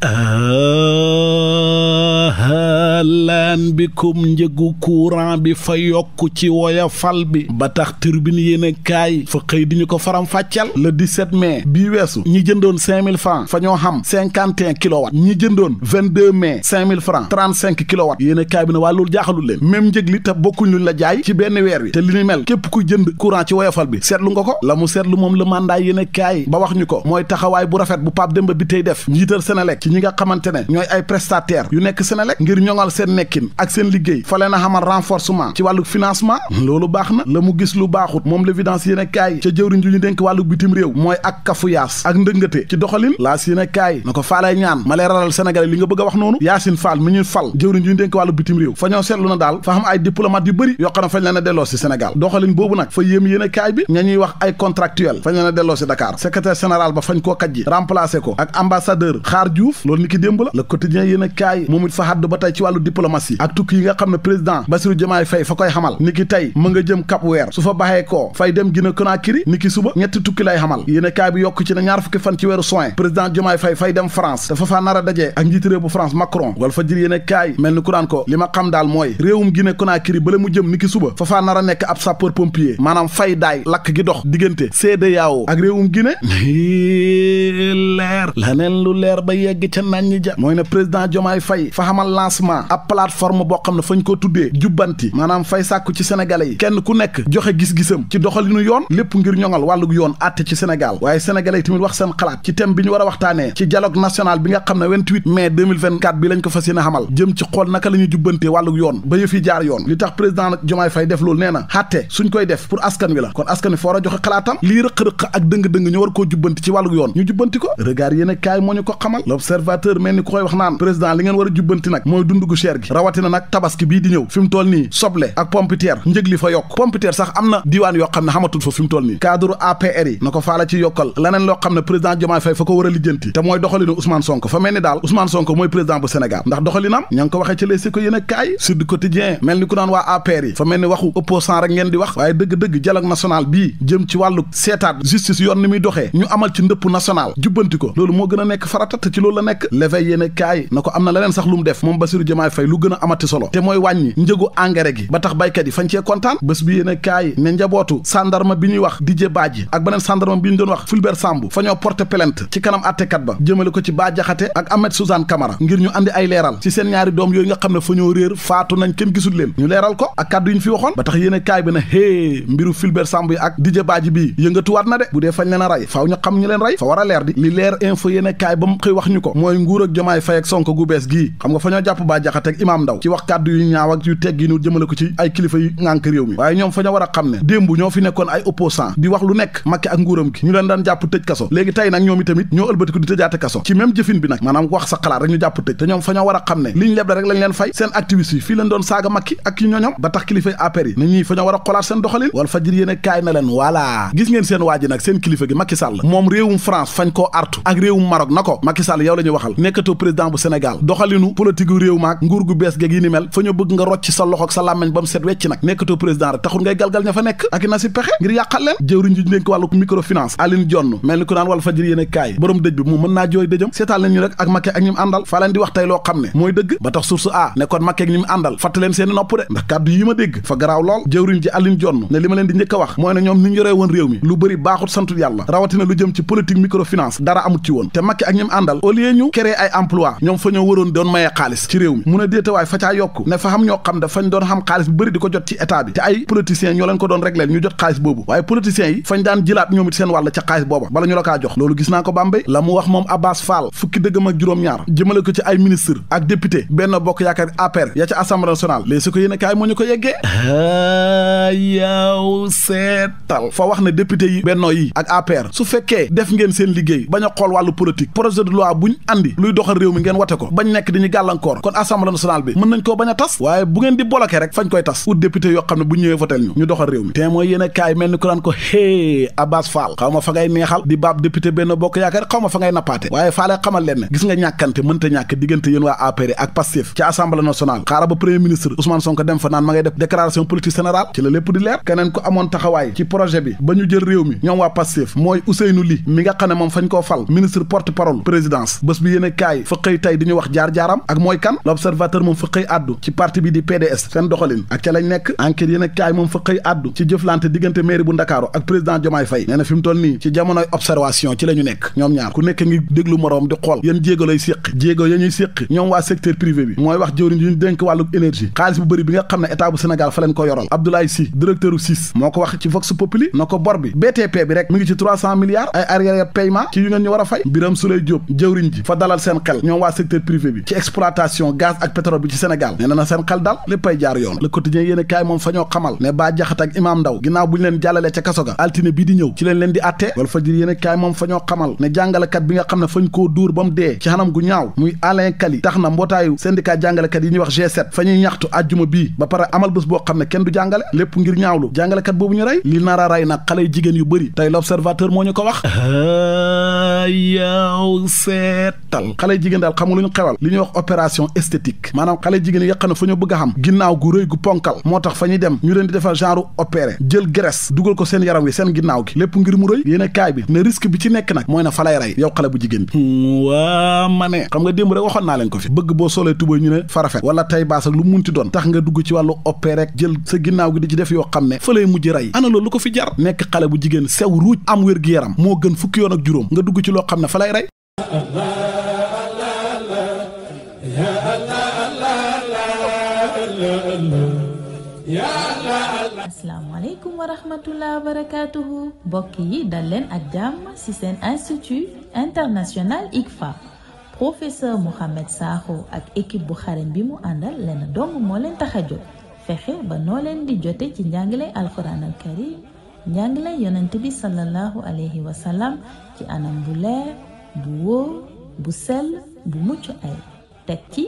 lan bikum njëgu courant bi fa yokk ci woyofal bi ba tax turbine yéen kaay fa xëy di ñu ko faram fàccal le 17 mai bii weesu ñi jëndoon 5000 francs fa ñoo xam 51 kilowatts ñi jëndoon 22 mai 5000 francs 35 kilowatts yéen kaay bi ne waa loolu jaaxalul leen même njëg li te bokkuñ luñ la jaay ci benn weer wi te li ni mel képp ku jënd courant ci woyofal bi seetlu nga ko la mu seetlu moom le mandat yéen kaay ba wax ñu ko mooy taxawaay bu rafet bu Pape Demba bi tey def njiital Senelec ñi nga xamante ne ñooy ay prestataire yu nekk Senelec ngir ñoŋal seen nekkin ak seen liggéey fa leen a xamal renforcement ci wàllu financement loolu baax na la mu gis lu baaxut moom l'évidence yéen kaay ca jëwriñ ju ñu dénk wàllu bitim réew mooy ak kafuyaas ak ndëngate ci doxalin laas yéen kaay na ko faalay ñaan ma lay raral sénégalais li nga bëgg a wax noonu Yaasin Fall mi ñu fal jëwriñ ju ñu dénk wàllu bitim réew fa ñoo seetlu na daal fa xam ay diplomate yu bëri yoo a delloo si Sénégal doxalin boobu nag fa yéem yéen kaay ñuy wax ay contractuel fañ leen delloo si Dakar secrétaire général ba fañ koo ko ak ambassadeur Xaar Diouf jëf loolu ni ki la le quotidien yéen fa xadd ba tey ci wàllu diplomatie ak tukki nga xam ne président Bassirou Diomaye Faye fa koy xamal ni ki tey mu nga su fa baxee koo fay dem Guinée Conakry ni suba ñetti tukki lay xamal yéen a kaay bi yokk ci ne ñaar fukki fan ci weeru soin président Diomaye Faye fay dem France dafa faa nar a dajee ak njiitu réew bu France Macron wala fa jir yéen a kaay mel ni ku naan ko li ma xam daal mooy réewum ngi ca naan ñi ja mooy ne président Diomaye Faye fa xamal lancement ab plateforme boo xam ne fañ ko tuddee jubbanti maanaam fay sàkku ci sénégalais yi kenn ku nekk joxe gis-gisam ci doxalinu yoon lépp ngir ñoŋal wàllug yoon àtte ci Sénégal waaye sénégalais yi tamit wax seen xalaat ci thème bi ñu war a waxtaanee ci dialogue national bi nga xam ne 28 mai 2024 bi lañ ko fas yéene xamal jëm ci xool naka la jubbantee wàllug yoon ba yëf jaar yoon li tax président nag Diomaye koy def pour askan wi la kon askan wi fa war a joxe xalaatam koo jubbanti ci wàllug yoon ñu jubbanti ko regard yéen l'observateur mel ni ku koy wax naan a jubbanti nag mooy yoo xam ne xamatul fa fi mu toll nii cadre APR yi na ko faala ci yokkal leneen loo a lijjanti te mooy doxalinu Ousmane Sonko ndax doxalinam ña ko waxee ci les si ko yéen a kaay Sud mel ni ku naan waa APR yi fa mel ni waxu opposant rek ngeen di wax waaye dëgg-dëgg dialogue national bii jëm ci wàllu seetaat justice yoon ni muy doxee ñu amal ci ndëpp national jubbanti ko loolu moo gën a nekk farata ci loolu la nag leveil yéen kaay na ko am na leneen sax lu mu def moom Bassirou Diomaye Faye lu gën a amati solo te mooy wàññi njëgu engrais gi ba tax baykat yi fañ cee kontaan bés bi yéen kaay ne njabootu sandarma bi ñuy wax Didier Badji ak nen sandarma bi ñu doon wax Fulbert Sambou fa ñoo porté plainte ci kanam àttekat ba jëmale ko ci baajaxate Diakhaté ak Ahmed Suzanne Camara ngir ñu andi ay leeral ci seen ñaari doom yooyu nga xam ne fa ñoo réer faatu nañ kenn gisul leen ñu leeral ko ak kàddu yi fi waxoon ba tax yéen kaay bi na hée mbiru Fulbert Sambou yi ak Didier Badji bii yëngatuwaat dee a rey xam ñu leen rey fa a leer di leer info yéen kaay ba mu wax ñu ko mooy nguur ak jomaay fay ak sonko gu bees gii xam nga fa ñoo jàpp baa jaxateeg imaam ndaw ci wax kàddu yu ñaaw ak yu teggiinu jëmale ko ci ay kilifa yu ŋànk réew mi waaye ñoom fa ñoo war a xam ne démb ñoo fi nekkoon ay opposant di wax lu nekk makki ak nguuram gi ñu leen daan jàpp tëj kaso léegi tey nag ñoom itamit ñoo ëlbatiku di tëjaate kaso ci même jëfin bi nag maanaam wax sa xalaat rek ñu jàpp tëj te ñoom fa ñoo war a xam ne liñ leble rek leen fii leen doon saaga makki ak yu ñoñom ba a xolaat seen doxalin wal fajir yéene leen voilà gis ngeen seen waa ji nag seen kilifa gi Macky Sall moom réewum France fañ koo artu na ko Macky Sall yow la waxal nekkatoo président bu Sénégal doxalinu politique réew maak nguur gu bees geeg yi ni mel fa ñu bëgg nga rocc sa loxo sa làmmeñ ba mu set wecc nag nekkatoo président rek taxul ngay galgal ña fa nekk ak na si pexe ngir yàqal leen jëwriñ ji ñu dénk wàllu microfinance Aline Dione mel ni ku naan wal fajiri yéen e kaay borom dëj bi mu mën naa jooy dëjëm seetaan leen ñu rek ak Macky ak ñi àndal faa seeni nopp de ndax kàddu yi ma dégg yee ñu créé ay emploi ñoom fa ñoo waroon doon mayee xaalis ci réew mi mu ne déetawaay fa yokk ne fa xam ñoo xam da fañ doon xam xaalis bu di ko jot ci état bi te ay politiciens ñoo leen ko doon régleel ñu jot xaalis boobu waaye politiciens yi fañ daan jilaat ñoom it seen wàll ca xaalis booba bala ñu la kaa jox loolu gis naa ko Bambey la mu wax moom Abbas Fall fukki dëggam ak juróom-ñaar jëmale ko ci ay ministre ak député benn bokk ah, def ngeen seen liggéey bañ a xool andi luy doxal réew mi ngeen wate ko bañ nekk diñu gàllankoor kon assemblée nationale bi mën nañ koo bañ a tas waaye bu ngeen di bloqué rek fañ koy tas ut député yoo xam ne bu ñëwee votel ñu ñu doxal réew mi te mooy a kaay mel ni ko naan ko hé Abbas Fall xaw ma fa ngay neexal di baab député benn bokk yaakaar xaw ma fa ngay nappaate waaye faale xamal leen gis nga ñàkkante mënta ñàkk diggante yéen waa APR ak Pastef ci assemblée nationale ba premier ministre Ousmane Sonko dem fa naan ma ngay def déclaration politique générale ci la lépp di leer bés bi yéene kaay fa xëy tey di ñu wax jaar-jaaram ak mooy kan l'observateur moom fa xëy ci parti bi di PDS seen doxalin ak ca lañ nekk enquête yéene kaay moom fa xëy addu ci jëflante diggante mairie bu Ndakaaru ak président Diomaye Faye nee na fi mu toll nii ci jamonoy observation ci la ñu nekk ñoom ñaar ku nekk ngi déglu moroom di xool yéen jéego lay séq jéego ya ñuy séq ñoom waa secteur privé bi mooy wax jëwriñ ñu dénk wàllu énergie xaalis bi nga xam ne état bu fa leen ko yoral Abdoulaye Sy ko wax ci Vox Populi na ko bor rek mi ngi ci 300 milliards ay arrière paiement a fay Birame Souleye Diop jëwriñ fa dalal seen xel ñoom waa secteur privé bi ci exploitation gaz ak pétrole bi ci Sénégal nee na na seen dal léppay jaar yoon Le Quotidien yéen a kaay moom fa ñoo xamal ne Bah Diakhaté ak Imam Ndaw ginnaaw bu ñu leen jàllalee ca kaso ga altine bii di ñëw ci leen leen di attee Walf Fadjri yéen a kaay moom fa xamal ne jàngalekat bi nga xam ne fañ koo dóor ba mu dee ci xanam gu ñaaw muy Alain tax na mbootaayu syndicat jàngalekat yi ñuy wax G7 xam ne kenn du jàngale lépp ngir ñaawlu jàngalekat boobu ñu rey li nara rey nag xale jigéen yu bëri tey l'observateur moo seetal xale jigéen daal xamu lu ñu xewal li ñu wax opération esthétique maanaam xale jigéen yi nga xam ne fa xam ginnaaw gu rëy gu ponkal moo tax dem ñu leen di defal genre opéré jël graisse dugal ko seen yaram wi seen ginnaaw gi lépp ngir mu rëy yéene bi ne risque bi ci nekk nag mooy na fa lay rey yow xale bu jigéen bi hmm, waa ma ne xam nga démb rek waxoon naa leen ko fi bëgg boo solee tubay ñu ne farafet wala tay baas ak lu munti doon tax nga dugg ci wàllu opéré rek jël sa ginnaaw gi di ci def yoo xam ne fa lay mujj rey ana loolu ko fi jar nekk xale bu jigéen sew ruuj am wér gi yaram moo gën fukki yoon ak juróom nga dugg ci loo xam ne fa lay rey asalaamaaleykum wa rahmatullah wa barakaatuhu mbokk yi dal leen ak jàmm ci seen institut international ICFA professeur Mouhamed Sakho ak équipe bu xarañ bi mu àndal leen dong moo leen tax a jóg fexe ba noo leen di jote ci njàngale alquran al karim njàngale yonent bi sallallahu alayhi ci anam bu leer bu wóor bu sell bu mucc ay teg ci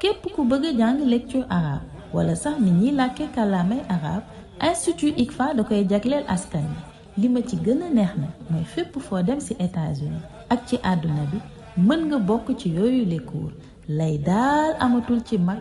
képp ku bëgg a jàng lecture arabe wala sax ni ñiy làkke kàllaamay arabe institut ICFA da koy jagleel askan bi li ma ci gën a neex na mooy fépp foo dem ci États-Unis ak ci àdduna bi mën nga bokk ci yooyu les cours lay daal amatul ci mag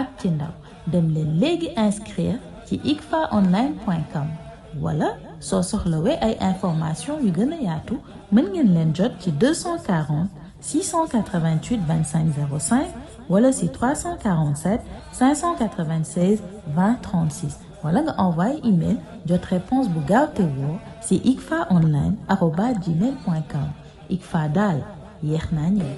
ak ci ndaw dem leen léegi inscrire ci icfaonline.com wala soo soxlawee ay information yu gën a yaatu mën ngeen leen jot ci 240 688 25 05 wala si 347 596 20 36 wala nga envoyé email jot réponse bu gaaw te woo si ikfa online arobas gmail point com ikfa daal yéex naa ñëw.